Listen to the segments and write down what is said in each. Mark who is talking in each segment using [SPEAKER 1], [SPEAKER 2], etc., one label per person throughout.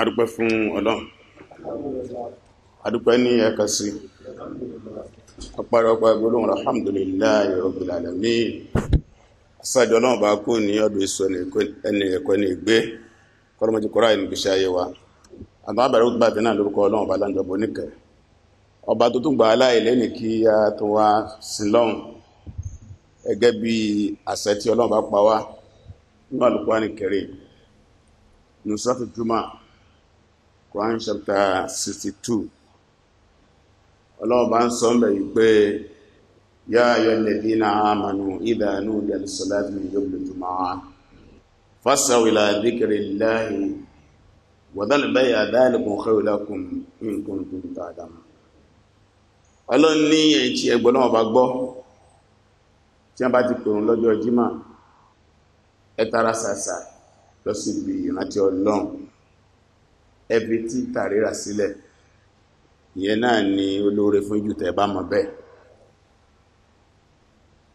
[SPEAKER 1] adúpẹ́ fún ọlọ́run adúpẹ́ ní ẹ̀kà sí ọpàrọpàá gbólóhùn alhamdulillah rabbil alamin asájọ́ ọlọ́run bá kú ní ọdún ìsọ ẹni ẹ̀kọ́ ẹni ìgbé kọ́lọ́mọ́jú kọ́rá ìnìgbésẹ̀ ayé wa àbá ó náà lórúkọ ọlọ́run bá ọba tó tún gbà kí a tó wá sí lọ́hùn bí àṣẹ tí ọlọ́run bá pa wá nínú àlùkò Quran chapter sixty two ọlọ́ọ̀bá ń sọ ń bẹ̀ yìí pé yá ayọ̀ lẹ́dí na àmànù ìdánù ìdánilẹ́sọ̀láàtì ní yóò lójú máa fásáwìlà díkìrì láàyè wọ̀dálùbẹ́yà dáìlùkùn kẹwìlákùn nǹkan tó ń ta àdámà ọlọ́run ní ẹ̀ǹtí ẹgbọ́n náà bá gbọ́ tí wọ́n bá ti pèrún lọ́jọ́ jímà ẹ tara ṣàṣà lọ sí ibi ìrántí ọlọ́run ẹbí tí tàríra sílẹ̀ ìyẹn náà ni olóore fún jù tẹ́ bá mọ̀ bẹ́ẹ̀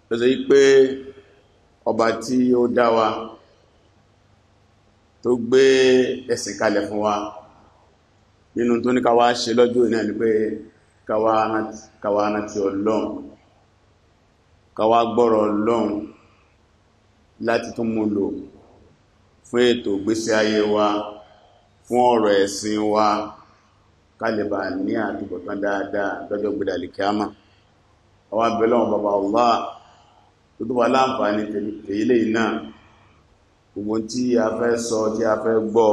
[SPEAKER 1] ló sọ pé ọba tí ó dá wa tó gbé ẹ̀sìn kalẹ̀ fún wa nínú tó ní káwàá ṣe lọ́jọ́ ìná ni pé káwàá rántí ọlọ́run káwàá gbọ́rọ̀ ọlọ́run láti tún mú lò fún ètò ìgbésí ayé wa fún ọ̀rọ̀ ẹ̀sìn wa kálẹ̀bà ní àtúbọ̀tán dáadáa lọ́jọ́ gbẹ̀dàlì kíámà àwọn abẹ́lọ́wọ̀n bàbá ọlá tó tó wà láǹfààní tèyílé náà gbogbo tí a fẹ́ sọ tí a fẹ́ gbọ́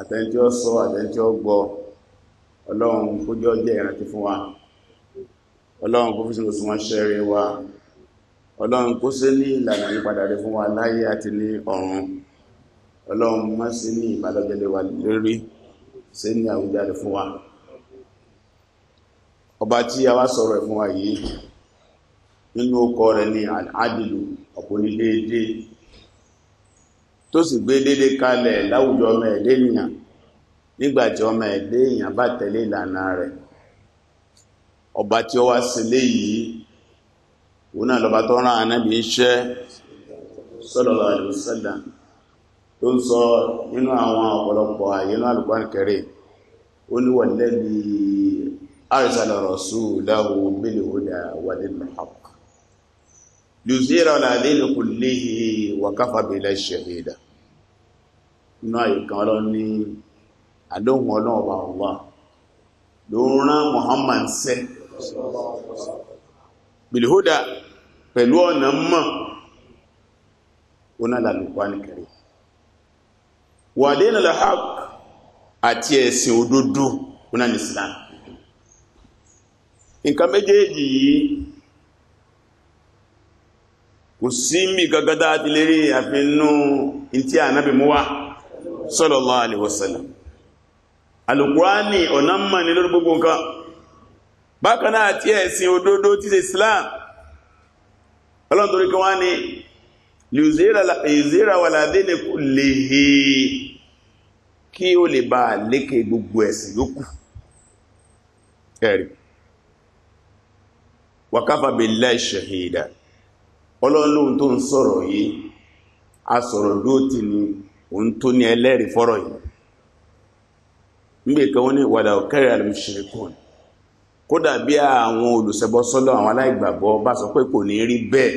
[SPEAKER 1] àtẹ́ntí sọ àtẹ́ntí gbọ́ ọlọ́run kó jẹ́ ìrántí fún wa ọlọ́run kó fi sínú wa ọlọ́run kó sí ní ìlànà yípadà fún wa láyé àti ní ọ̀run ọlọ́run mọ́ sí ní ìbálọ́jẹ́lé wa lérí sí ní àwùjáde fún wa ọba tí a wá sọ̀rọ̀ ẹ̀ fún wa yìí nínú ọkọ rẹ̀ ní àdìlù ọ̀pọ̀ ní déédé tó sì gbé dédé kalẹ̀ láwùjọ ọmọ ẹ̀dẹ́ ènìyàn nígbàtí ọmọ ẹ̀dẹ́ èèyàn bá tẹ̀lé ìlànà rẹ̀ ọba tí tó ń sọ nínú àwọn ọ̀pọ̀lọpọ̀ àyè náà Al-Qur'an Karim ó ní wà lẹ́bi arsala rasulahu bil huda wa dil haqq lùzíra làdínì kullihi wa kafa billahi shahida inú àyè kan lọ ní àdóhùn ọlọ́ọ̀bà ọ̀wà Muhammad sẹ́ bil pẹ̀lú ọ̀nà mọ̀ ó náà lálùkwá nìkẹrẹ wà lẹ́nà lahaq àti ẹ̀sìn òdodo ọ̀nà islam nǹkan méjèèjì yìí kò sí mí gagada ti lérí àfinú tí a nábi mú wá sallallahu alaihi wasallam ọ̀nà mọ̀ ní lórí gbogbo nǹkan bákanáà àti ẹ̀sìn òdodo ti islam ọlọ́ntorí kan wá ní lèzera wà ládéne kò lè he kí ó lè bá lékè gbogbo ẹ̀sìn yókù ẹ̀rì wàkáfà billahi shahida ọlọ́lọ́un tó ń sọ̀rọ̀ yìí a sọ̀rọ̀ lóòtí ni òun tó ní ẹlẹ́rìí fọ́rọ̀ yìí nígbè kan wọ́n ní wàdà òkèrè al kódà bí àwọn olùṣẹbọ àwọn aláìgbàgbọ́ bá sọ pé kò ní rí bẹ́ẹ̀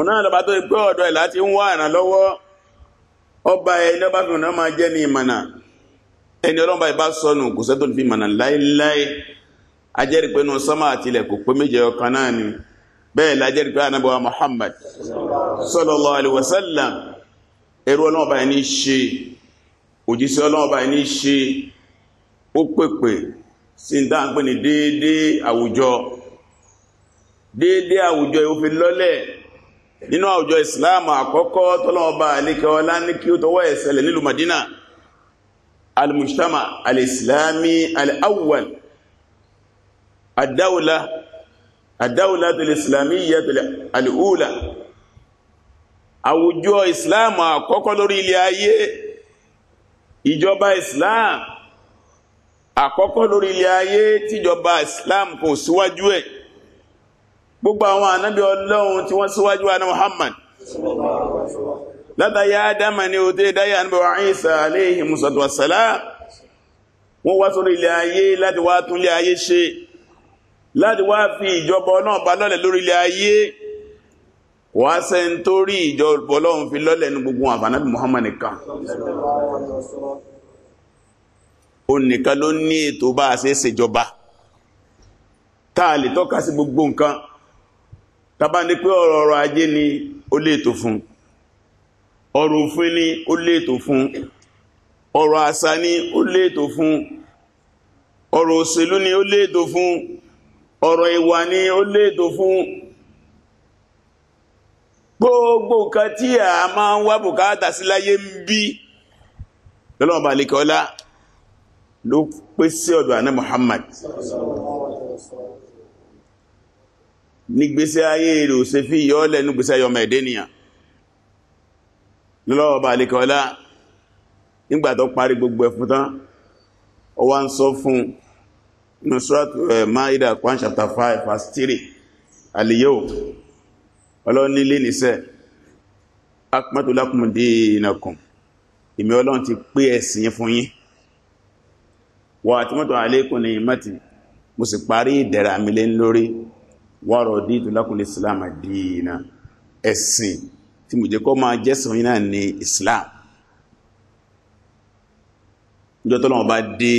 [SPEAKER 1] ọ̀nà àlọ́bà tó gbọ́ ọ̀dọ̀ ẹ̀ láti ń wá ìrànlọ́wọ́ ọba ẹ̀ lọ́bà fi ọ̀nà máa jẹ́ ní ìmànà ẹni ọlọ́mọba ìbá sọnù kò sẹ́tò fi ìmànà láíláí ajẹ́rìí sọ́mà àtìlẹ̀ kò pé méje ọkàn náà ni bẹ́ẹ̀ lájẹ́rìí pé anábọ̀wá Muhammad sallallahu alaihi wasallam ẹrú ọlọ́mọba ẹ̀ ní ṣe òjíṣẹ́ ọlọ́mọba ẹ̀ ní ṣe ó pèpè sí dáńpẹ́ àwùjọ ìwòfin lọ́lẹ̀ nínú àwùjọ ìsìláàmù àkọ́kọ́ tọ́lọ́ọba àlékẹ́ ọlá ní kí ó tọwọ́ ẹ̀sẹ̀lẹ̀ nílùú madina al-mujtama al-islami al-awwal ad-dawla ad-dawla al-islamiyya al-ula àwùjọ ìsìláàmù àkọ́kọ́ lórí ilẹ̀ ayé ìjọba ìsìláàmù àkọ́kọ́ lórí ilẹ̀ ayé tíjọba ìsìláàmù kò síwájú ẹ̀ gbogbo àwọn ànábì ọlọ́run tí wọ́n síwájú àná Muhammad látàrí Ádámà ni ó tẹ́ dáyà ànábì wa Ìsá alayhi musatu wasala wọ́n wá sórí ilẹ̀ ayé láti wá tún ilẹ̀ ayé ṣe láti wá fi ìjọba náà bá lọ́lẹ̀ lórí ilẹ̀ ayé wá sẹ́n tó rí ìjọba ọlọ́run fi lọ́lẹ̀ ní gbogbo àfànábì Muhammad nìkan ó nìkan ló ní ètò bá a ṣe ṣèjọba táà lè tọ́ka sí gbogbo nǹkan tàbá ní pé ọ̀rọ̀ ọrọ̀ ajé ni ó léètò fún ọrọ̀ òfin ni ó léètò fún ọrọ̀ àṣà ni ó léètò fún ọrọ̀ òṣèlú ni ó léètò fún ọ̀rọ̀ ìwà ni ó léètò fún gbogbo nǹkan tí a máa ń wá bùkátà sí láyé ń bí lọ́lọ́wọ́ bá lè ló pèsè ọ̀dọ̀ àná Muhammad nígbésí ayé rẹ̀ ò ṣe fi yọ́ lẹ́nu gbésí ayọmọ ẹ̀dẹ́nìyàn lọ́wọ́ bá lè kọ́lá nígbà tó parí gbogbo ẹ̀fún tán wá ń sọ fún nusrat aliyo ọlọ́nílé nìṣẹ́ akmatulakumudi inakun ìmí ọlọ́run ti pé ẹ̀sìn fún yín wà tí mọ́tò alaykum ní ìmọ́tì mo sì parí ìdẹ̀ra mi lé lórí wọ́rọ̀ dídù lákùnlé islam àdínà ẹ̀sìn tí mo jẹ́ kọ́ máa jẹ́sìn náà ní islam níjọ́ tó bá dé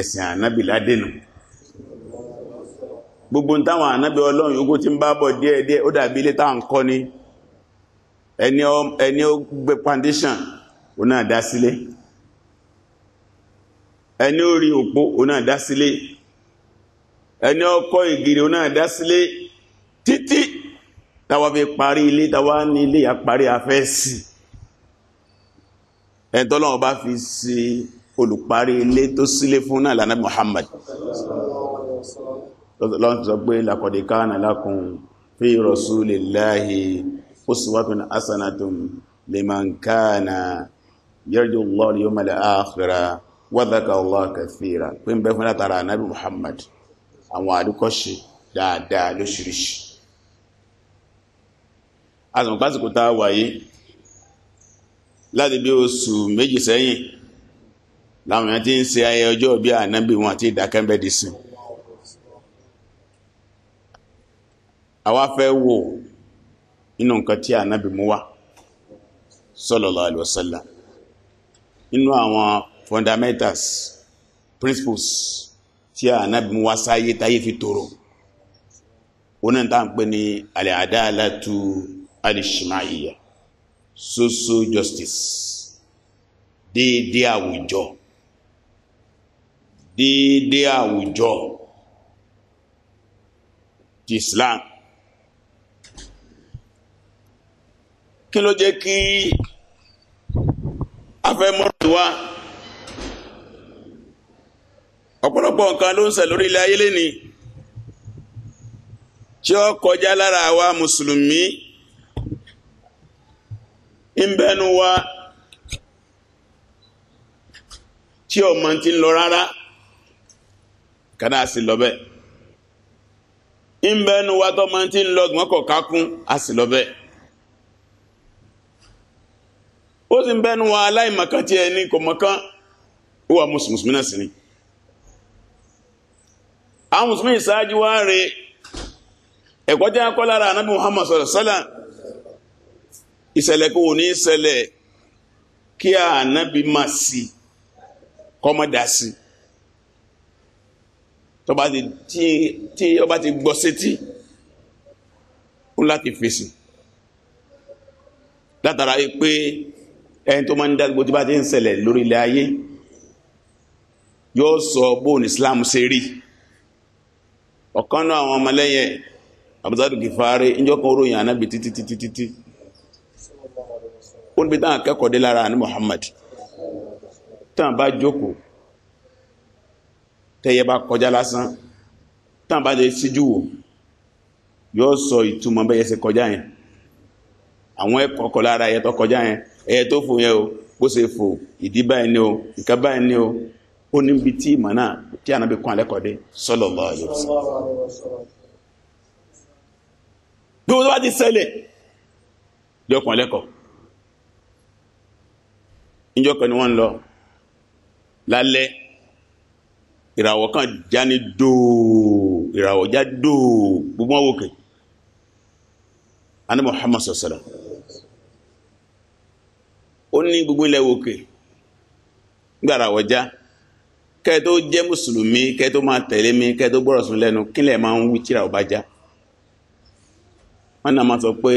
[SPEAKER 1] ẹ̀sìn ànábì gbogbo táwọn ànábì ọlọ́run yóò tí ń bá bọ̀ díẹ̀díẹ̀ ó dàbí ilé kọ́ ni ẹni ó gbé ó náà dá sílé ẹni ó rí òpó ó náà dá sílé ẹni ọkọ̀ ìgìrì náà dá sílé títí táwa fi parí ilé táwa ní ilé àparí afẹ́ sí ẹ̀ntọ́lọ́wọ́ bá fi sí olùparí ilé tó sílé fún náà lànà Muhammad lọ́n sọ pé laqad kana lakum fi rasulillahi uswatun hasanatun liman kana yarju Allaha al-yawmal akhira wa dhakara Allaha kathira pín bẹ́ fún látara Nabi àwọn àríkọ́ṣe dáadáa lóṣìíríṣìí azùn pásìkò tá a wáyé láti bí oṣù méjì sẹ́yìn láwọn èèyàn ti ń ṣe ayẹyẹ ọjọ́ bí ànábì wọn àti ìdákẹ́mbẹ̀dì sí àwa fẹ́ wò nínú nǹkan tí ànábì mú wá sallallahu alaihi wasallam àwọn fundamentals principles tí ànábì mú wá sáyé táyé fi tòrò onáà tá à ń pè ní al-adalatu al-ijtima'iyya social justice déédéé àwùjọ déédéé àwùjọ ti Islam kí ló jẹ́ kí afẹ́mọ́ràn wá ọ̀pọ̀lọpọ̀ nǹkan ló ń ṣe lórí ilẹ̀ ayé lẹ́ni tí ó kọjá lára àwa mùsùlùmí ń bẹnu wa tí ọmọ ti ń lọ rárá kàdá sí lọ ń bẹnu wa tọ́mọ ti ń lọ gbọ́n kọ̀ kákún á sì lọ ó sì ń bẹnu wa aláìmọ̀kan tí ẹni kò mọ̀kan ó wà mùsùlùmí náà sí ni àwọn musulmi ìsáájú wá rẹ ẹ̀kọ́ jẹ́ akọ́ lára anábì muhammad sallallahu alaihi wasallam ìṣẹ̀lẹ̀ kò ní ìṣẹ̀lẹ̀ kí anábì má sí kọ́mọ́dá sí tí ọba ti gbọ́ sétí ó láti fèsì látara pé ẹni tó máa ń dágbò tí bá ti ń ṣẹlẹ̀ lórí ilẹ̀ ayé yóò sọ bóòn islam ṣe rí Ọkanu àwọn ọmọlẹ́yẹ àbúzádù gifari níjọ́ kan Anabi titi titi. títí títí ó níbi táwọn akẹ́kọ̀ọ́ dé lára ní Muhammad táwọn bá jókòó tẹ́yẹ bá kọjá lásán táwọn bá lè síjú wò yóò sọ ìtumọ̀ bẹ́yẹ ṣe kọjá yẹn àwọn ẹ̀kọ́ kọ o fò ìdí báyìí ó ní bí tí ìmọ̀ náà tí ànábì kún alẹ́kọ̀ọ́dé sallallahu alaihi wasallam bí wọ́n bá ti ṣẹlẹ̀ lọ́kùn alẹ́kọ̀ọ́ níjọ́ kan ni wọ́n ń lọ lálẹ́ ìràwọ̀ kan já ní dòó ìràwọ̀ já dòó gbogbo wọn wòkè ànábì Muhammad sallallahu ó ní gbogbo ilẹ̀ wòkè gbàràwọ̀ já kẹ́ tó jẹ́ mùsùlùmí kẹ́ tó máa tẹ̀lé mi kẹ́ tó gbọ́rọ̀ sún lẹ́nu m'a máa ń wí tíra ọba já náà sọ pé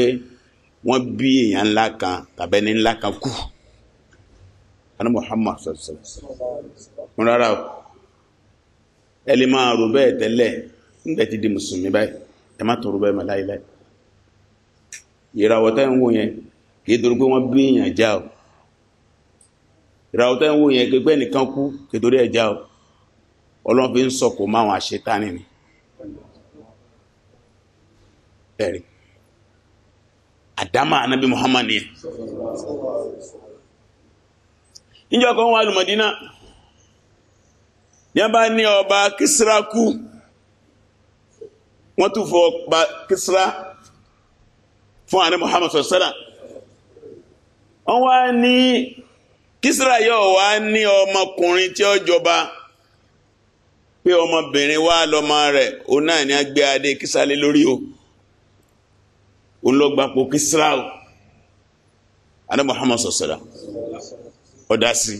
[SPEAKER 1] bí èèyàn ńlá kan tàbí ẹni ńlá kan kú ana Muhammad sọ̀rọ̀ mo rárá o máa rò bẹ́ẹ̀ tẹ́lẹ̀ di mùsùlùmí báyìí ẹ má tọrọ bẹ́ẹ̀ láyé láyé ìràwọ̀ ń wò yẹn kì í o ìràwọ̀ tẹ́ ń wò yẹn gbẹgbẹ́ nìkan kú kèdórí ẹja o ọlọ́run fi ń sọ kò máa wọn àṣetánì ni ẹ̀rí àdámà anábì Muhammad ni ẹ̀ níjọ́ kan wà lùmọ̀dínà ní a ọba Kísírà kú wọ́n tún fọ ọba Kísírà fún ààrẹ Muhammad wá ní kísírà yóò wá ní ọmọkùnrin tí ó jọba pé ọmọbìnrin wá lọmọ rẹ̀ òun náà ni a gbé adé kísà lé lórí o òun lọ gbapò kísírà o adé Muhammad sọ̀sọ̀dà ọ̀dá sí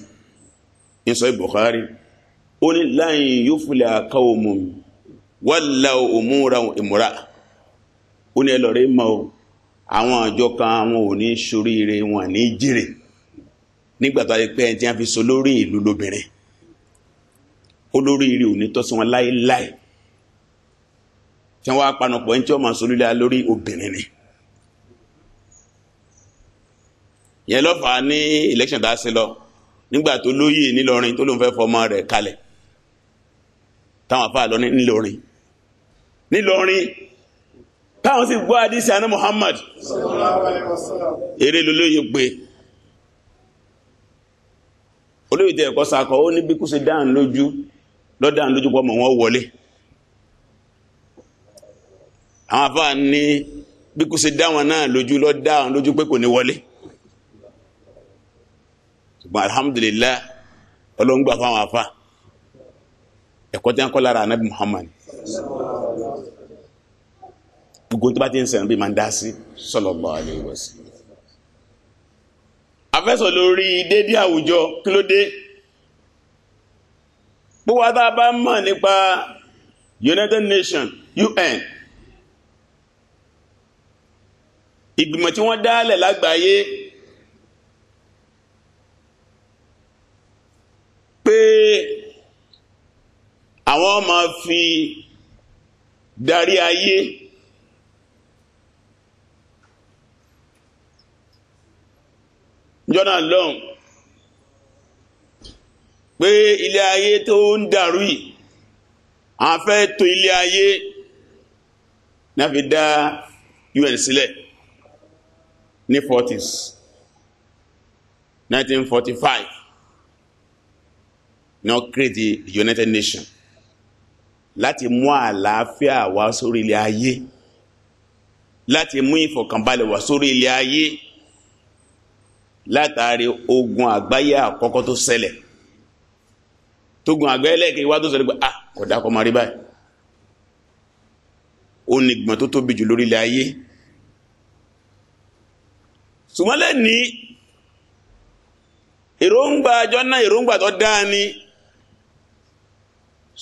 [SPEAKER 1] ń sọ Bukhari ó ní lan yufliha qawmun wallaw umurahum imra ó ní ẹlọ́rẹ́ mọ́ àwọn àjọ kan àwọn ò ní ṣoríire wọn ní jèrè nígbà tó ayé pé ẹni tí wọ́n fi so lórí ìlú lóbìnrin olórí ire òní tọ́ sí wọn láéláé tí wọ́n wá panupọ̀ ẹni tí wọ́n máa so lílá lórí obìnrin ni yẹn lọ́fà ní election tá a ṣe lọ nígbà tó lóyè nílọrin tó lóun fẹ́ fọmọ rẹ̀ kalẹ̀ táwọn afáà lọ nílọrin nílọrin táwọn sì gbọ́ adísí àná Muhammad eré gbé olóyè tẹ ẹ̀kọ́ sakọ ó ní bí kú sí dáhùn lójú lọ́dáhùn lójú pọ̀ mọ̀ wọ́n wọlé àwọn afáà ní bí kú sí dáhùn náà lójú lọ́dáhùn lójú pé kò ní wọlé ṣùgbọ́n alhamdulillah ọlọ́ngbà fáwọn afáà ẹ̀kọ́ tí wọ́n kọ́ lára anábì Muhammad gbogbo tó bá ti ń sẹ̀rìn bí máa ń dá sí sallallahu alaihi wasallam afẹ́sọ̀ lórí dédé àwùjọ kí ló dé púpọ̀ tá bá mọ̀ nípa United Nations UN ìgbìmọ̀ tí wọ́n dálẹ̀ lágbàáyé pé àwọn máa fi darí ayé jọ́nà lọ́hùn pé ilé ayé tó ń dàrú yìí a fẹ́ tó ilé ayé náà fi dá UN sílẹ̀ ní 40s 1945 náà create the United Nations láti mú àlàáfíà wá sórí ilé ayé láti mú ìfọ̀kànbalẹ̀ wá sórí ilé ayé látàrí ogun àgbáyé àkọ́kọ́ tó ṣẹlẹ̀ tógun àgbáyé lẹ́ẹ̀kẹ́ wá tó ṣẹlẹ̀ pé à ah, kọ̀dá kọ́ máa rí báyìí ó ní ìgbọ̀n tó tóbi jù lórílẹ̀ ayé ṣùgbọ́nlẹ̀ ní èròǹgbà àjọ èròǹgbà tó dáa ni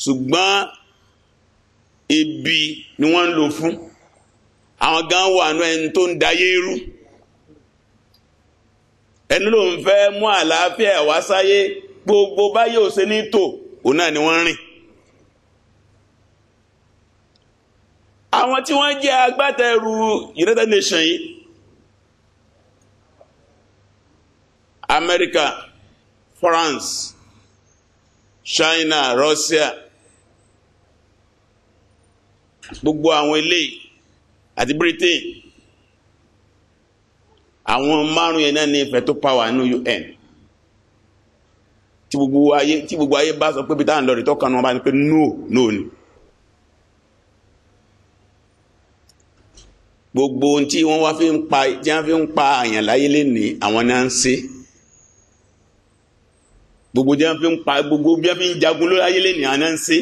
[SPEAKER 1] ṣùgbọ́n ibi ni wọ́n ń lò fún àwọn gan wà nú ẹni tó ń dayé rú ẹni ló ń fẹ́ mú àlàáfíà wá sáyé gbogbo báyìí ò ṣe ní tò òun náà ni wọ́n rìn. àwọn tí wọ́n jẹ́ agbátẹrù United Nations yìí America, France, China, Russia gbogbo àwọn eléyìí àti Britain àwọn márùn yẹn náà ní ìfẹ́ tó pàwà ní UN tí gbogbo ayé tí gbogbo ayé bá sọ pé bí táwọn lọ́rì tó kànú wọn bá ní pé no no ni gbogbo tí wọ́n wá fi ń pa tí wọ́n fi ń pa àyàn láyé lè ní àwọn náà ń ṣe gbogbo tí wọ́n fi ń pa gbogbo bí wọ́n fi ń jagun ló láyé lè àwọn náà ń ṣe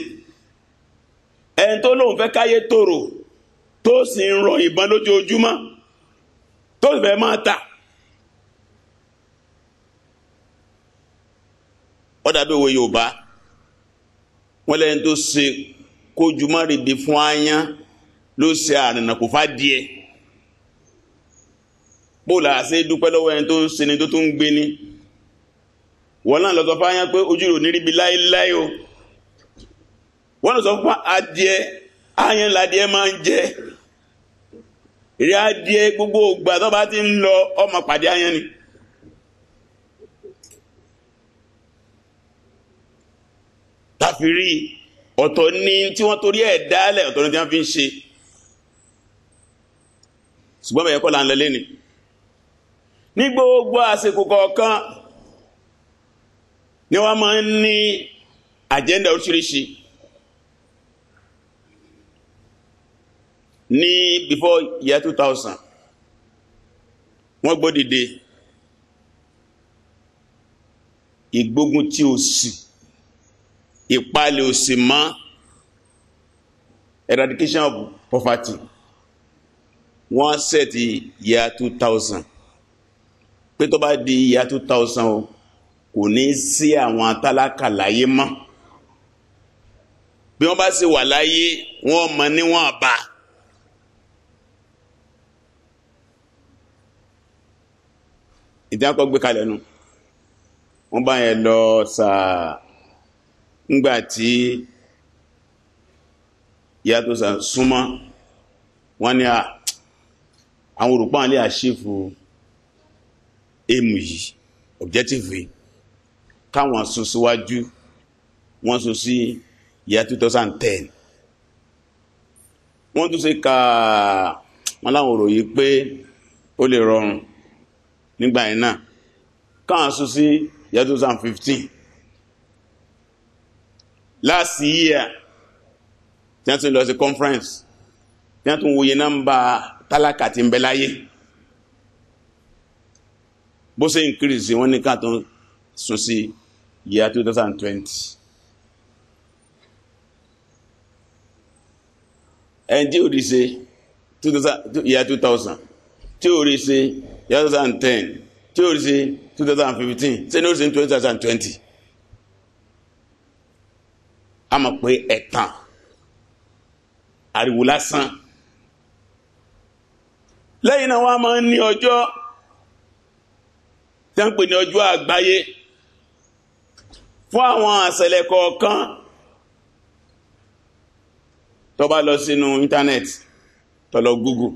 [SPEAKER 1] ẹni tó lóun fẹ́ káyé tòrò tó sì ń rọ ìbọn lójoojúmọ́ tó sì fẹ́ máa tà wọ́n dàbí òwe Yorùbá wọ́n lẹ́yìn tó ṣe kójú márìdì fún ayán ló ṣe àrìnà kò fá díẹ̀ bóòlà àṣẹ dúpẹ́ lọ́wọ́ ẹni tó ṣe ni tó tún ń gbé ní wọ́n náà lọ́sọ fún ayán pé ojú rò níríbi láíláí o wọ́n lọ́sọ fún adìẹ ayán ládìẹ máa ń jẹ eré adìẹ gbogbo ògbà tó bá ti ń lọ ọmọ pàdé ayán ni. tàfi rí ọ̀tọ̀ ní tí wọ́n torí ẹ̀ dálẹ̀ ọ̀tọ̀ ní tí wọ́n fi ń ṣe ṣùgbọ́n bẹ̀yẹ̀ kọ́ ń lọ lẹ́ni ní gbogbo àsìkò kọ̀ọ̀kan ni wọ́n máa ń ní àjẹ́ndà oríṣiríṣi ní before year 2000 wọ́n gbódìde ìgbógun tí ó sì ìpalẹ̀ òṣì mọ́ eradication of poverty wọ́n set year 2000 pé tó bá di year 2000 o kò ní sí àwọn tálákà láyé mọ́ bí wọ́n bá sì wà láyé wọ́n mọ̀ níwọ̀n bá ìdákọ̀ gbé kalẹ̀ nu wọ́n bá yẹn lọ sàá ńgbà tí ìyá tó sàn súnmọ́ wọ́n ní àwọn olùpáà lè àṣífù èmù yìí objective káwọn sún síwájú wọ́n sún sí ìyá 2010 wọ́n tún ṣe ka wọ́n láwọn òròyìn pé ó lè rọrùn nígbà yẹn náà káwọn sún sí year two thousand fifteen last year tí wọ́n ti lọ sí conference tí wọ́n tún wòye nọ́mbà tálákà tí ń bẹ láyé bó ṣe increase wọ́n ní ká tó sún sí year two thousand twenty. ẹnjí òdìṣe year two thousand tí ó rí ṣe 2010 tí ó rí ṣe 2015 ṣe ní ó rí ṣe 2020 a mọ̀ pé ẹ̀tàn ariwo lásán lẹ́yìn náà wọ́n máa ń ní ọjọ́ tí wọ́n pè ní ọjọ́ àgbáyé fún àwọn àṣẹlẹ̀ kọ̀ọ̀kan tó bá lọ sínú íńtánẹ́ẹ̀tì tó lọ Google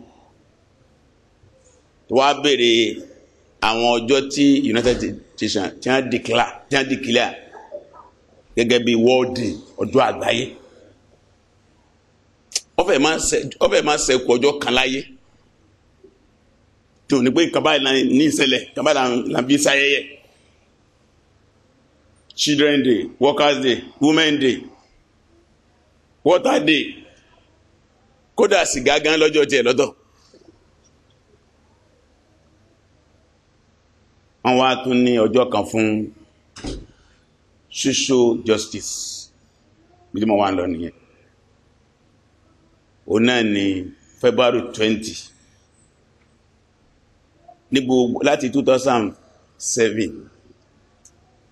[SPEAKER 1] tó wá béèrè àwọn ọjọ́ tí united nations tí wọ́n declare tí wọ́n declare gẹ́gẹ́ bí world day ọjọ́ àgbáyé ọfẹ máa ṣẹ́kù ọjọ́ kan láyé tí ò ní pé kaba ní ìṣẹ̀lẹ̀ kaba là ń bí sáyẹyẹ children day workers day women day water day kódà sìgá gan lọ́jọ́ tiẹ̀ lọ́tọ̀. wọ́n wá tún ní ọjọ́ kan fún social justice bí mo wá ń lọ nìyẹn òun náà ni February twenty, 20 ní two thousand seven,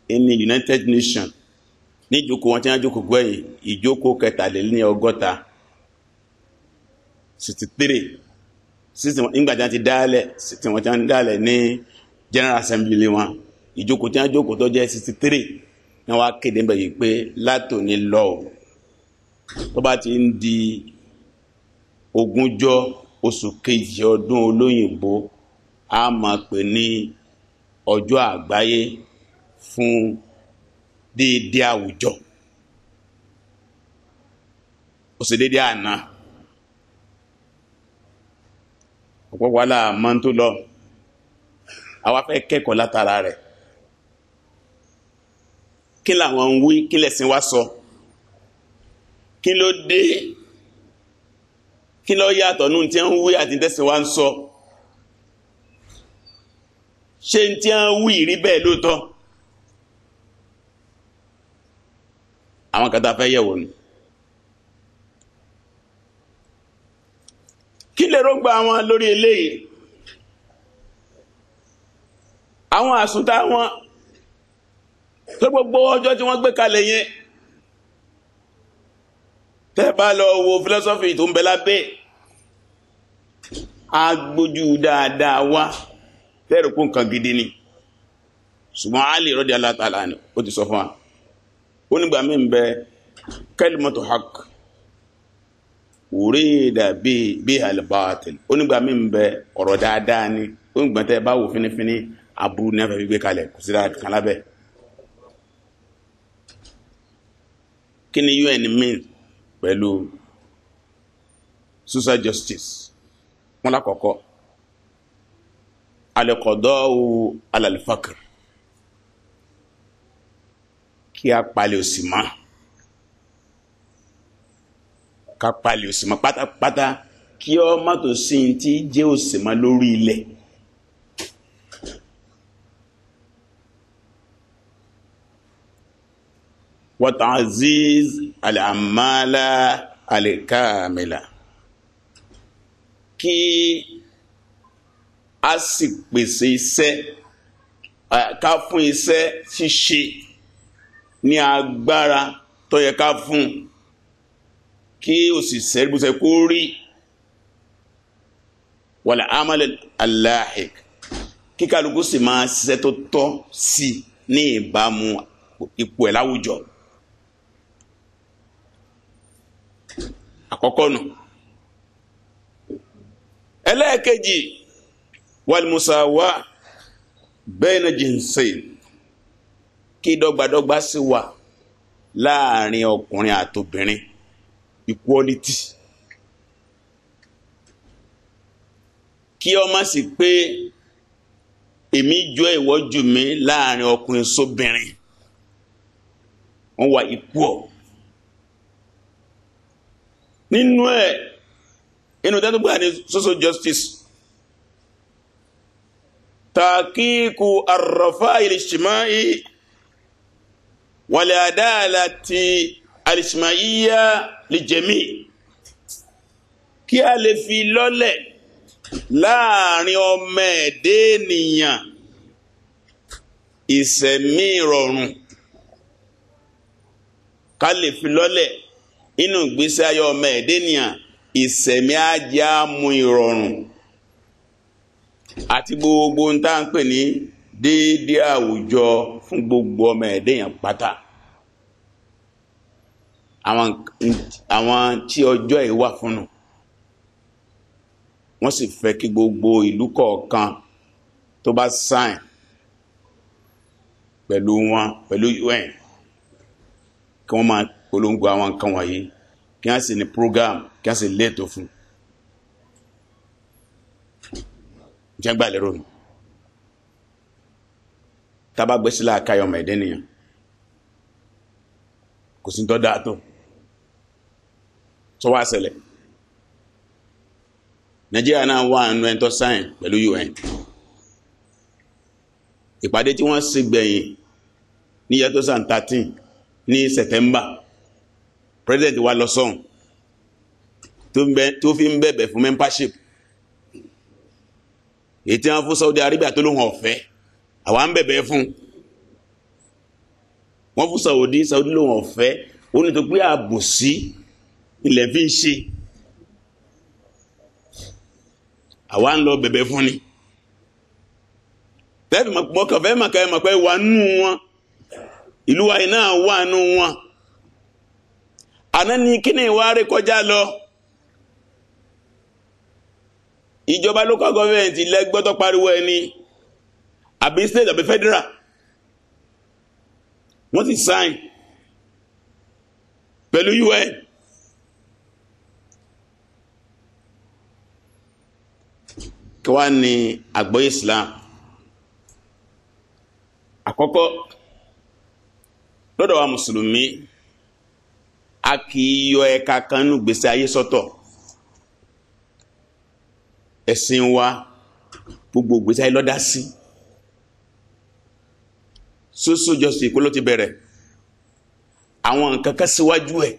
[SPEAKER 1] in the United Nations ní ìjókòó wọn tí wọ́n jókòó gbẹ̀yìn ìjókòó kẹtàlélẹ́ni ọgọ́ta 63 nígbàtí wọ́n ti dálẹ̀ ní general assembly wọn ìjókòó tí wọ́n jókòó tó jẹ́ sixty three náà wá kéde ń bẹ̀ yìí pé látòní lọ o tó bá ti ń di ogúnjọ́ oṣù kejì ọdún olóyìnbó a máa pè ní ọjọ́ àgbáyé fún déédé àwùjọ ó déédé àná ọ̀pọ̀pọ̀ aláàmọ́ tó lọ àwa fẹ́ kẹ́kọ̀ọ́ látara rẹ̀ kí làwọn ń wí kí lẹ̀sìn wa sọ kí ló dé kí ló yàtọ̀ nù tí ń wí àti tẹ́sìn wa ń sọ ṣé tí ń wí rí bẹ́ẹ̀ lóòótọ́ àwọn kan tá a fẹ́ yẹ̀wò ni kí lè rógbà wọn lórí eléyìí àwọn àsùntà wọn tó gbogbo ọjọ́ tí wọ́n gbé kalẹ̀ yẹn tẹ́ bá lọ wo philosophy tó ń bẹ lábẹ́ agbójú dáadáa wá tẹ́rù kún kan gidi ni ṣùgbọ́n Ali radiyallahu ta'ala ni ó ti sọ fún wa ó nígbà mí ń bẹ kalimatu haq urida biha al-batil ó nígbà mí ń bẹ ọ̀rọ̀ dáadáa ni ó ń gbọ́n tẹ́ bá wò fínífíní aburú ní afẹ́ gbígbé kalẹ̀ kò sí dára kan lábẹ́. kí ni UN mean pẹ̀lú social justice wọn lákọ̀ọ́kọ́ alẹ́kọ̀ọ́dọ́ wo alalifakir kí a palẹ̀ òsì mọ́ ká palẹ̀ òsì mọ́ pátápátá kí ọ má tó sí ti jẹ́ òsì mọ́ lórí ilẹ̀. wàtàzíz àlàmàlà àlèkàmìlà kí a sì pèsè iṣẹ́ ká fún iṣẹ́ ṣíṣe ní agbára tó yẹ ká fún kí òṣìṣẹ́ ìbùsẹ̀ kó rí wàlà àmàlẹ̀ aláhìk kí sì máa ṣiṣẹ́ tó tọ́ sí ní ìbámu ipò ẹ̀ láwùjọ. àkọ́kọ́ nù ẹlẹ́ẹ̀kejì wàlmùsàwà bẹ́ẹ̀nà jìnsẹ̀ kí dọ́gbadọ́gba sí wà láàrin ọkùnrin àtobìnrin equality kí ọmọ sì pé èmi jọ ìwọ́jú mi láàrin ọkùnrin sóbìnrin wọ́n wà equal nínú ẹ̀ inú tẹ́tù gbà ní social justice tàkíkù àrọ̀fà ìlìṣìmáì wàlẹ̀ àdáàlà ti àlìṣìmáìyà lè jẹ̀mí kí a lè fi lọ́lẹ̀ láàrin ọmọ ẹ̀dẹ́ ènìyàn ìṣẹ̀mí ìrọ̀rùn ká lè fi lọ́lẹ̀ inú ìgbésí ayé ọmọ ẹ̀dẹ́nìyàn ìsẹ̀mí ajé amú ìrọ̀rùn àti gbogbo ń tá à ń pè ní déédéé àwùjọ fún gbogbo ọmọ ẹ̀dẹ́yàn pátá àwọn tí ọjọ́ yìí wà fún un wọ́n sì fẹ́ kí gbogbo ìlú kọ̀ọ̀kan tó bá sáìn pẹ̀lú wọn pẹ̀lú un kí wọ́n máa polongo àwọn nǹkan wọ̀nyí kí wọ́n sì ní program kí wọ́n sì léètò fún jẹ́ gbà lérò mi tába gbé sílá káyọ̀ ọmọ ẹ̀dẹ́ nìyàn kò sí tọ́ dáa tó tó wá ṣẹlẹ̀ Nàìjíríà náà wà nínú ẹ̀ńtọ́ sáyẹn pẹ̀lú UN ìpàdé tí wọ́n sì gbẹ̀yìn ní yàtọ̀ sàn ní September president wa lọ sọ́hùn tó fi ń bẹ̀bẹ̀ fún membership ètí wọn fún Saudi Arabia tó lóhun ọ̀fẹ́ àwa ń bẹ̀bẹ̀ fún wọn fún Saudi Saudi lóhun ọ̀fẹ́ ó ní tó pé àbòsí ilẹ̀ fi ń ṣe àwa ń lọ bẹ̀bẹ̀ fún ni tẹ́fì mọ̀kànfẹ́ mọ̀kànfẹ́ wà nù wọn ìlú wa iná wà nù wọn àná ni kíní wá ré kọjá lọ ìjọba local government lẹ́gbọ́tọ̀ pariwo ẹni àbí state àbí federal wọ́n ti sign pẹ̀lú UN kí wá ní àgbọ́ Islam àkọ́kọ́ lọ́dọ̀ wa mùsùlùmí a kì í yọ ẹ̀ka kan nù gbèsè ayé sọ́tọ̀ ẹ̀sìn wa gbogbo gbèsè ayé lọ́dá sí sósò jọ́sìn ìkóló ti bẹ̀rẹ̀ àwọn nǹkan kan síwájú ẹ̀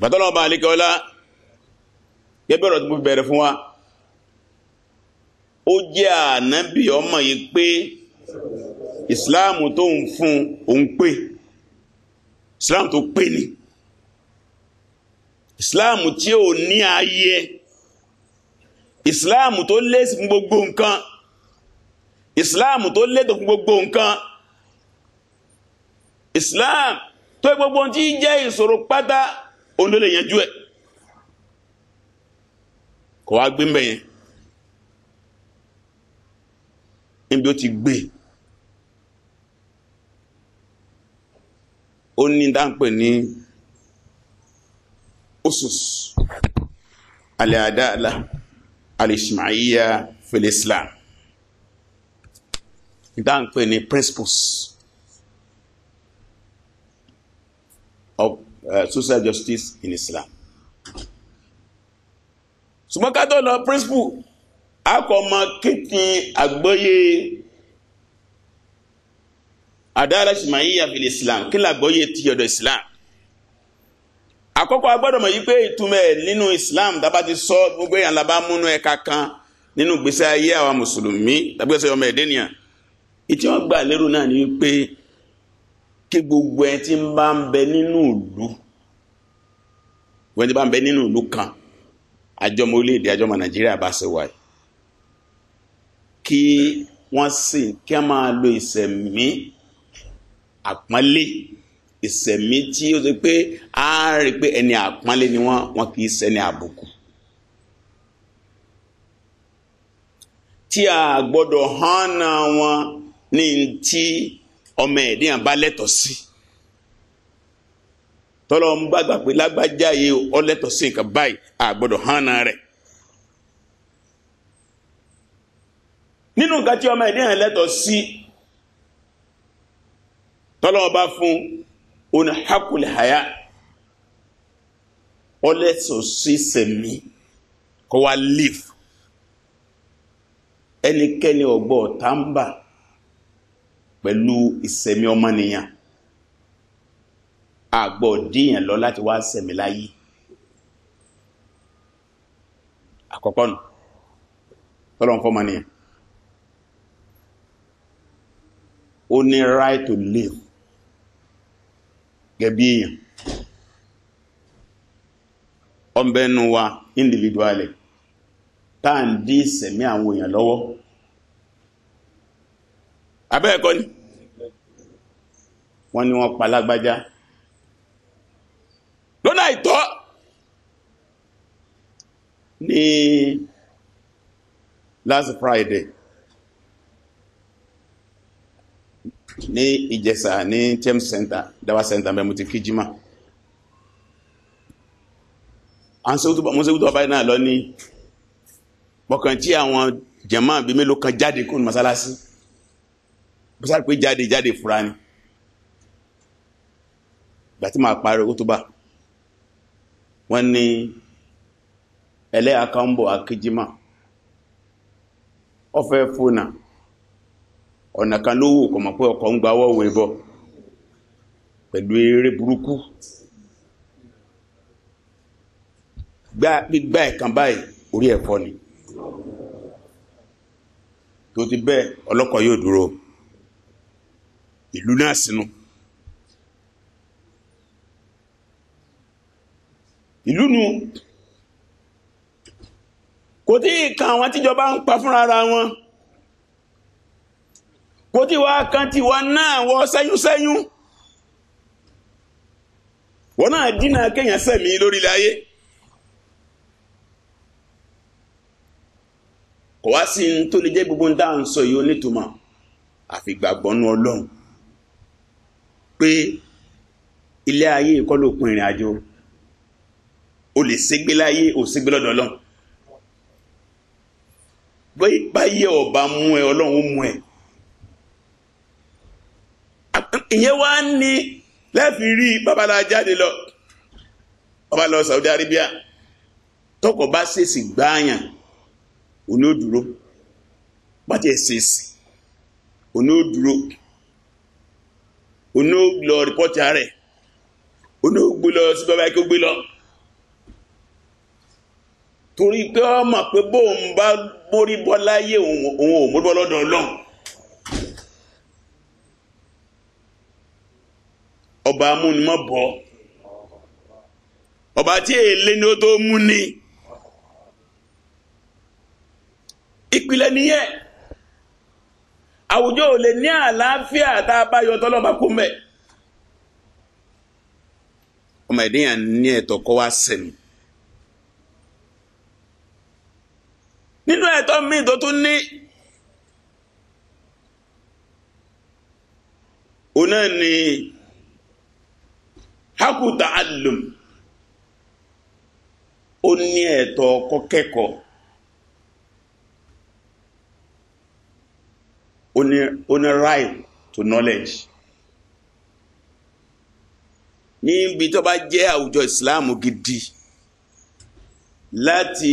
[SPEAKER 1] bàtọ́lọ́ọ̀bá àlékọ́lá gẹ́gẹ́ ọ̀rọ̀ tó bẹ̀rẹ̀ fún wa ó jẹ́ ànábì ọmọ yìí pé ìsìláàmù tó ń fún òun pé ìsìláàmù tó pé ni ìsìláàmù tí ò ní ayé ìsìláàmù tó lé sí gbogbo nǹkan ìsìláàmù tó lé tó gbogbo nǹkan ìsìláàmù tó gbogbo tí jẹ́ ìṣòro pátá òun ló lè yanjú ẹ̀ kò wá gbé mbẹ̀yẹn níbi ó ti gbé e ó ní dáńpẹ̀ ní usus alẹ́àdáàlá alìsìmáyíyá filislam dáńpẹ̀ ní principles of uh, social justice in Islam ṣùgbọ́n ká tó principle a kò mọ kìkì àdáyàlá ya fi islam kila làgbọ́yé ti ọ̀dọ̀ islam àkọ́kọ́ agbọ́dọ̀ mọ̀ yí pé ìtumọ̀ ẹ̀ islam dábàá ti sọ gbogbo èèyàn labá múnú ẹ̀ka kan nínú gbèsè ayé àwa mùsùlùmí tàbí ẹsẹ̀ ọmọ ẹ̀dẹ́ nìyàn ìtí wọ́n gbà lérò ni pé kí gbogbo ẹ ti ń bá ń bẹ nínú ìlú wọ́n ti bá ń bẹ nínú ìlú kan àjọmọ orílẹ̀-èdè àjọmọ nàìjíríà bá ṣe wáyé kí wọ́n sì kí wọ́n máa lo ìṣẹ̀mí àpọ́nlé ìsẹ̀mí tí ó ti pé a rí pé ẹni àpọ́nlé ni wọ́n wọn kì í ṣẹni àbùkù tí a gbọ́dọ̀ hánà wọn ní ti ọmọ ẹ̀dínyàn bá lẹ́tọ̀ sí tọ́lọ́ ń bá gbà pé lágbájá yìí ó lẹ́tọ̀ sí nǹkan báyìí a gbọ́dọ̀ hánà rẹ̀ nínú nǹkan tí ọmọ ẹ̀dínyàn lẹ́tọ̀ sí. Si, tọ́lọ́ bá fún oní hakul haya ọlẹ́sọ̀ sí sẹ̀mí kọ wá leaf ẹnikẹ́ni ọgbọ́ tàmbà pẹ̀lú ìsẹ̀mí ọmọnìyàn àgbọ̀ díyàn lọ láti wá sẹ̀mí láyé àkọ́kọ́ nù tọ́lọ́ fọ́mọnìyàn ó ní right to live gẹ̀bí èèyàn ọmọbẹ̀nu wa individually táà ń dí ìsẹ̀mí àwọn èèyàn lọ́wọ́ abẹ́ ẹ̀kọ́ ni wọ́n ní wọ́n pa lágbájá lọ́nà àìtọ́ ní last Friday ní ìjẹsà ní thames center dawa center bẹ́ẹ̀ mo ti kíjìmá à ń sẹ́wútú ọba náà lọ ní mọ̀kàn tí àwọn jẹ̀mọ́ àbí mélòó kan jáde kún masalasi bó sáré pé jáde jáde fura ni ìgbà tí màá parí owó tó bá wọ́n ní ẹlẹ́yà kan ń bọ̀ akíjìmá ọ̀fẹ́ fúnà ọ̀nà kan ló wò kọ̀mọ̀ pé ọkọ̀ ń gba wọ́wọ́ ẹbọ pẹ̀lú eré burúkú gbígbá ẹ̀kan báyìí orí ẹ̀fọ́ ni tó ti bẹ́ẹ̀ ọlọ́kọ̀ yóò dúró ìlú náà sínú ìlú nu kò tí ì kan àwọn tíjọba ń pa fúnra ara wọn kò tí wá kan tí wá náà wọ sẹ́yúnsẹ́yún wọ́n náà dínà kéèyàn sẹ̀mí lórílẹ̀ ayé kò wá sí tó lè jẹ́ gbogbo dáa ń sọ yìí onítùmọ̀ àfi gbàgbọ́nú ọlọ́run pé ilé ayé kọ́ ló pin ìrìn àjò o lè ségbé láyé o ségbé lọ́dọ̀ ọlọ́run báyé ọba mú ẹ ọlọ́run mú ẹ ìyẹn wá ń ní lẹ́fì rí babalá jáde lọ ọba Saudi Arabia tọkọ bá ṣèṣì gbáàyàn òní ó dúró pàtí ẹ̀ ṣèṣì òní ó dúró òní ó lọ rìpọ́tì rẹ̀ òní ó gbé lọ sí bàbá kí ó gbé torí pé ọmọ pé bóun bá mórí bọ́ láyé òun ò mórí bọ́ lọ́dọ̀ Ọlọ́run ọba amúnimọ̀bọ ọba tí èlé ni ó tó mú ni ìpìlẹ̀ nìyẹn àwùjọ ò lè ní àlàáfíà tá a bá yọ tọ́lọ́ba kú mẹ́ ọmọ ìdíyàn ní ẹ̀tọ́ kọ́ wá sẹ̀mí nínú ẹ̀tọ́ míì tó tún ní òun náà ni hakuta alum ó ní ẹ̀tọ́ kọ́kẹ́kọ̀ọ́ ó ní ó ní right to knowledge níbi tó bá jẹ́ àwùjọ ìsìláàmù gidi láti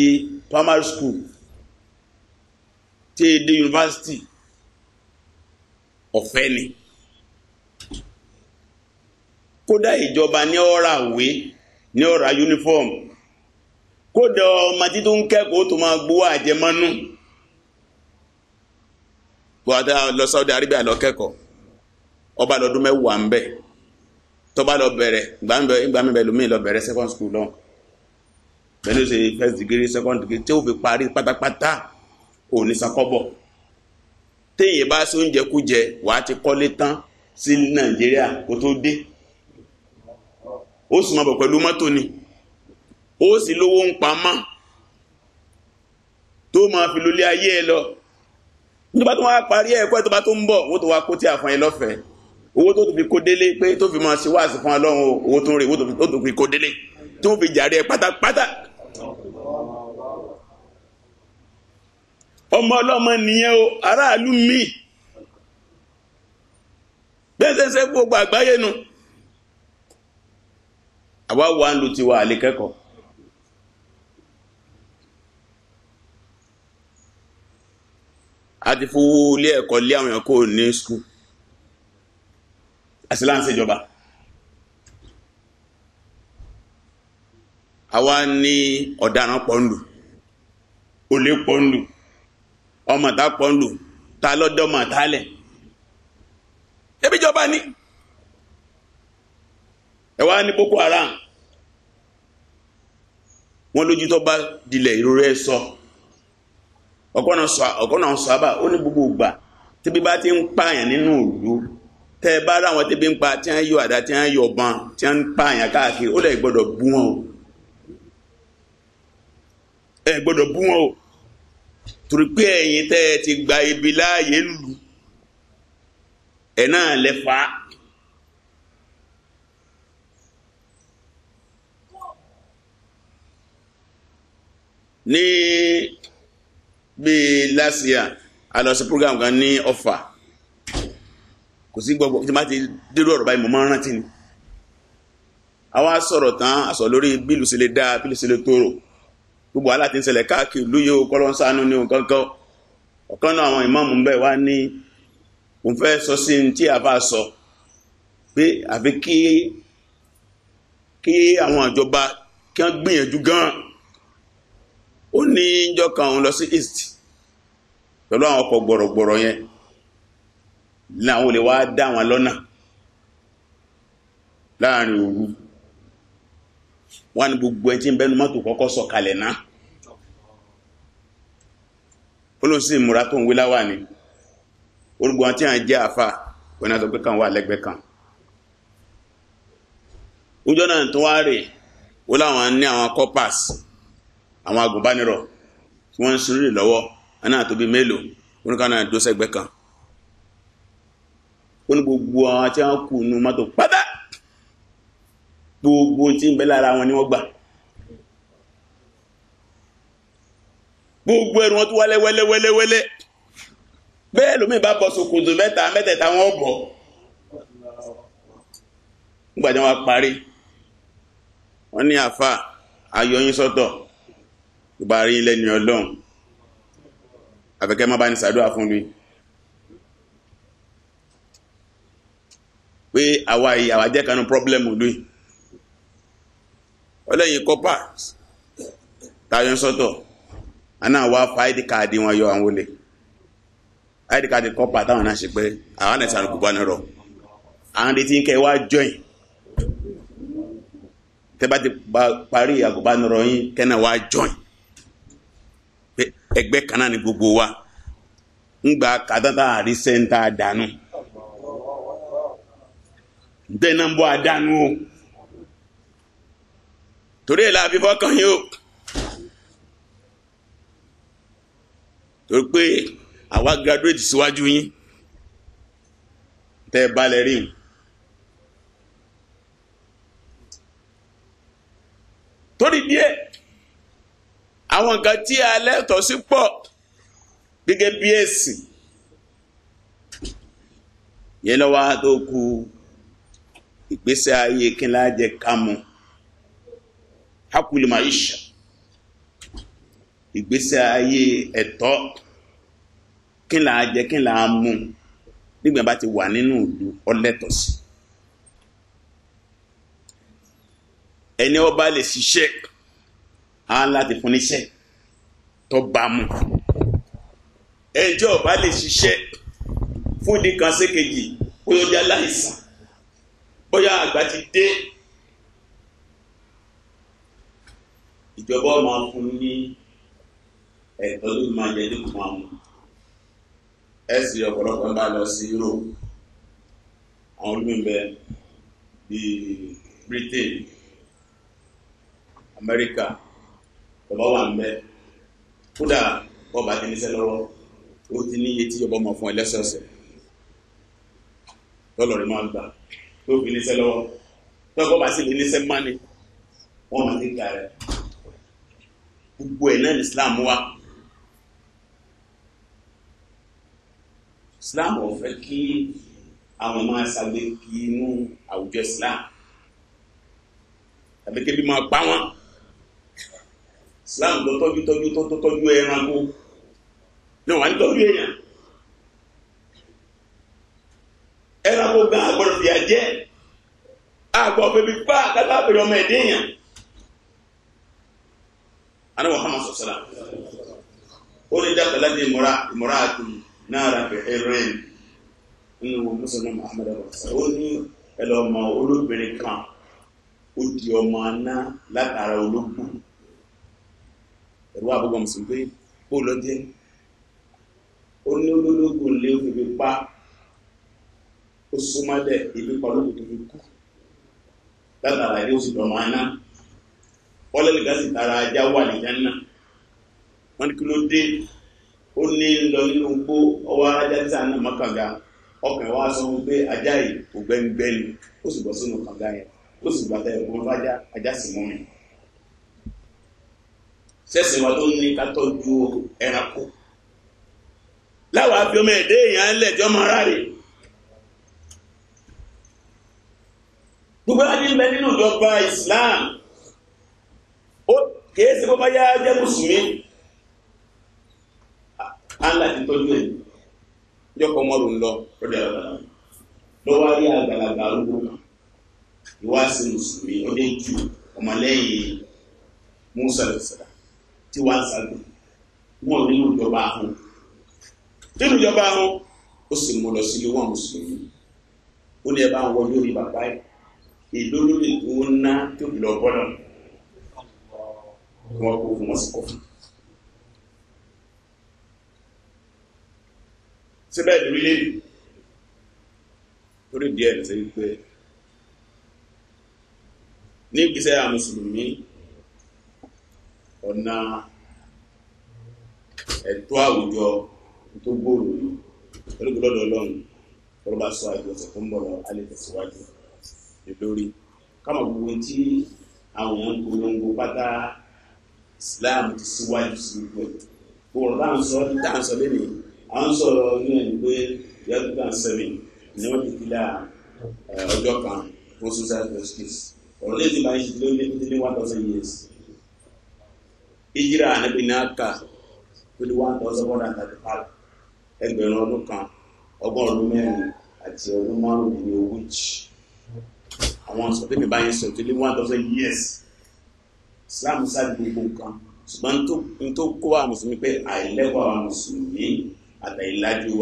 [SPEAKER 1] primary school tí èdè university, ọ̀fẹ́ ni. kódà ìjọba ní ọ̀rà àwé ní ọ̀rà uniform kódà ọmọ títún ń kẹ́kọ̀ọ́ tó máa gbowó àjẹmọ́nú bọ́dá lọ Saudi Arabia lọ kẹ́kọ̀ọ́ ọba mẹ́wàá ń bẹ̀ lọ bẹ̀rẹ̀ gbàmíbẹ̀ lọ bẹ̀rẹ̀ second school ṣe first degree second degree tí ó fi parí pátápátá sakọ́bọ̀ téèyàn ti kọ́lé tán sí Nàìjíríà kó tó ó sì máa pẹ̀lú mọ́tò ni ó sì lówó ń pamọ́ tó máa fi lólé ayé ẹ lọ tó bá tó wá parí ẹ̀kọ́ tó bá tó ń bọ̀ owó tó wá kó tí a fún ẹ lọ́fẹ̀ẹ́ owó tó fi kó délé pé tó fi máa ṣe wáàsí fún ọlọ́run owó tó ń rè owó tó fi kó délé tó fi jàre ẹ pátápátá. ọmọ ọlọ́mọ nìyẹn o aráàlú mi bẹ́ẹ̀ ṣe ń ṣe gbogbo àgbáyé nu. No àwa wà ń lu tiwa àlè kẹ́kọ̀ọ́ a ti fowó ilé ẹ̀kọ́ lé àwọn èèyàn kò ní skul àti láǹsẹ̀ ìjọba àwa ní ọ̀daràn pọ́ńdù olè pọ́ńdù ọmọ ta pọ́ńdù ta lọ́dọ̀ mọ̀ tálẹ̀ ẹbí ìjọba ni ẹ wá ní Boko Haram wọn lójú tó bá dilẹ̀ ìrora ẹ sọ ọ̀kan náà sọ àbá ó ní gbogbo ìgbà tẹ́bí bá ti ń pààyàn nínú ìlú tẹ́ ẹ bá ráwọn tẹ́bí ń pa tí wọ́n yọ àdá tí wọ́n yọ ọ̀bọ̀n tí wọ́n ń pààyàn káàkiri ó lè gbọ́dọ̀ bú wọn o ẹ gbọ́dọ̀ bú wọn o torí pé ẹ̀yin ẹ ti gba ibi láàyè lù ẹ̀ náà lẹ fà ní bíi last year a program kan ní ọ̀fà kò sí gbogbo tí ma ti dérò ọ̀rọ̀ báyìí mo máa ń rántí ni àwa sọ̀rọ̀ tán àsọ lórí bílù sí lè dáa bílù sí lè tóró gbogbo aláàtí ń ṣẹlẹ̀ káàkiri lóye kọ́lọ́nsánú ní kankan ọ̀kan náà àwọn ìmáàmù ń bẹ̀ wá ní òun fẹ́ sọ sí ní tí a bá sọ pé àfi kí kí àwọn ìjọba kí wọ́n gbìyànjú gan-an ó ní ìjọ kan lọ sí east pẹ̀lú àwọn ọkọ̀ gbọ̀rọ̀gbọ̀rọ̀ yẹn láwọn olè wá dá wọn lọ́nà láàrin òru wọn gbogbo ẹni ń bẹnu mọ́tò kọ́kọ́ sọ̀kalẹ̀ náà ó ló sì tó ń wí láwà ni orúkọ àfà wọn náà sọ pé kan wà lẹ́gbẹ̀ẹ́ kan tó wá corpus àwọn agùnbánirọ̀ tí wọ́n ń sunrí lọ́wọ́ aná tó bí mélòó oníkan náà dó sẹ́gbẹ́ kan ó ní gbogbo àwọn tí wọ́n kù nu mọ́tò pátá gbogbo tí ń bẹ lára wọn ni wọ́n gbà gbogbo ẹrù wọn tó wálé wẹ́lẹ́wẹ́lẹ́wẹ́lẹ́ bẹ́ẹ̀ lómi bá bọ́ ṣòkòtò mẹ́ta mẹ́tẹ̀ẹ̀ta wọn bọ̀ nígbà tí wọ́n parí wọ́n ní àfa ayọyín sọ́tọ̀ gbogbo àrí lẹ́ni ọlọ́run àfẹ́kẹ́ má bá ní sàdúrà fún mi pé àwa yìí àwa jẹ́ kanú pọ́blẹ́mù lóì ọlẹ́yìn kọ́pà tayọ sọ́tọ̀ àná àwa fa id card wọn yọ àwọn olè id card kọ́pà táwọn náà ṣe pé àwọn náà sàrùkù bá nírọ̀ àwọn retí ń kẹ́ wá join tẹ́ bá ti parí àgùbánirọ̀ yín kẹ́ náà wá join. egbe kan náà ni gbogbo wa ń gba kàtàtà àrísẹ́ńtà dànù dẹ́nà ń bọ́ àdánù o torí ẹ̀ láàbí fọ́kàn yìí o torí pé àwa graduate síwájú yín tẹ́ balẹ̀ rí torí díẹ̀. àwọn nǹkan tí a lẹ́tọ̀ọ́ sí pọ̀ gẹ́gẹ́ bí ẹ̀sìn yẹn lọ́wọ́ tó kù ìgbésẹ̀ ayé kí n lájẹ kámú hakuli maisha ìgbésẹ̀ ayé ẹ̀tọ́ kí n lájẹ kí n lámú nígbà bá ti wà nínú ìlú ọlẹ́tọ̀ sí ẹni ọba lè ṣiṣẹ́ á láti fún níṣẹ́ tó bá mu ẹjọ́ ọba lè ṣiṣẹ́ fún ìdí kan sékejì kó ló jẹ́ aláìsàn bóyá àgbà ti dé ìjọba máa fún ní ẹ̀tọ́ ló máa jẹ ní kùmà mu ẹ sì ọ̀pọ̀lọpọ̀ ń bá lọ sí Europe àwọn olùmọ̀ bíi Britain America ọba wà ń bẹ kódà ọba ti níṣẹ́ lọ́wọ́ ó ti ní iye tí ọba ọmọ fún ẹ lẹ́sọ̀ọ̀sẹ̀ lọ́lọ́ rẹ̀ máa gbà tó fi níṣẹ́ lọ́wọ́ tó ọba bá sì ní níṣẹ́ mánì wọ́n máa ti gbà rẹ̀ gbogbo ẹ̀ náà ní Islam wa Islam ò kí àwọn máa ṣàgbé kí inú àwùjọ Islam tàbí máa pa wọn. Islam lọ tọ́jú tọ́jú tó tọ́jú ẹranko ní wàá tọ́jú èèyàn ẹranko gan agbọ́dọ̀ fìyà jẹ àgbọ bèbí pa kátà bèrè ọmọ ẹdín yàn ana Muhammad sọsọlá ó ní dákàlá ní ìmọ̀ra ìmọ̀ra àtún náà rà bẹ̀ ẹrẹ́ nínú wọn mùsùlùmí Muhammad ọ̀sán ó ní ẹlọ́mọ olóbìnrin kan ó di ọmọ aná látara ológun ẹ̀rọ àbúgbọ̀n sí pé bó lọ jẹ́ ó ní olólógún lé ó fi pa ó súnmọ́lẹ̀ ibi palóko tó fi kú látara ilé oṣù dọ̀mọ́ iná wọ́n lẹ́nu gásì tara ajá wà ní jẹ́nà wọ́n ní kí ló dé ó ní lọ nínú gbó ọwọ́ ajá tí a náà ọkàn wa sọ wípé ajá yìí kò gbẹ́ngbẹ́ni ó sì bọ́ sínú kànga yẹn ó sì gbàtà ẹ̀kọ́ fájá ajá sì mọ́ mi sẹ́sìn wa ló ń ní ká tọ́jú ẹranko láwọn abiọ́mọ ẹ̀dẹ́ èèyàn lẹ́jọ́ máa rárè gbogbo adé ń nínú ìjọba Islam ó kìí ṣe bọ́bá yá jẹ́ mùsùlùmí Allah ti tọ́jú ẹ̀ jọ́kọ̀ mọ́rùn lọ lọ́dẹ̀ ọ̀dọ̀ lọ́wọ́ rí àgbàlagbà arúgbó kan ìwá sí mùsùlùmí ó ju ọmọlẹ́yìn Musa lọ́sọ̀rọ̀ tí wàá sàgbé wọn nínú ìjọba ahun nínú ìjọba ahun ó sì mú lọ sílé wọn mùsùlùmí ó ní ẹ bá ń wọ lórí bàbá yìí èló lórí tó ń ná tóbi lọ bọ́lọ̀ wọn kó fún wọn sí kọ́ fún. síbẹ̀ lórí lè lórí díẹ̀ ṣe wípé ní ìgbésẹ̀ àwọn ọ̀nà ẹ̀tọ́ àwùjọ tó gbòòrò yìí olùgbòlọ́dọ̀ ọlọ́run ọ̀rọ̀ bá sọ àjọ ọ̀sẹ̀ tó ń bọ̀ lọ alẹ́ tẹ̀síwájú lórí káwọn gbogbo tí àwọn èèyàn polongo pátá Islam ti síwájú sí gbogbo ẹ̀ gbogbo ọ̀rọ̀ táwọn sọ táwọn sọ lẹ́nu àwọn sọ̀rọ̀ ní ẹ̀yìn pé yàtọ̀ tàn sẹ́mi ni wọ́n ti fi dá ọjọ́ kan fún social justice ọ̀rọ̀ lẹ́yìn tí bá ń ṣe lórí one thousand years. ìjírà ànábì ní àkà tó di one thousand one hundred ẹgbẹ̀rún ọdún kan ọgbọ̀n ọdún mẹ́rin àti ọdún àwọn bá yẹn sọ years Islam sáré gbogbo nǹkan ṣùgbọ́n n kó wa mùsùlùmí pé àìlẹ́kọ̀ọ́ àwọn wa tí a kan yóò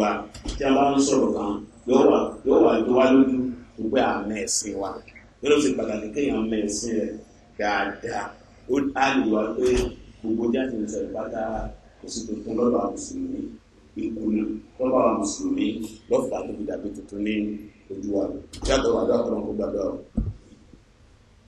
[SPEAKER 1] wà tó wá lójú gbogbo ẹ̀sìn wa yóò lọ sí pàtàkì kéèyàn ẹ̀sìn gbogbo jáde ń sọ̀rọ̀ pátá oṣù tuntun lọ́dọ̀ àwọn mùsùlùmí ìkùnà lọ́dọ̀ àwọn mùsùlùmí lọ́fà tó fi dàbí tuntun ní ojú wa yàtọ̀ wàdó àkọ́nà kó gbàdọ̀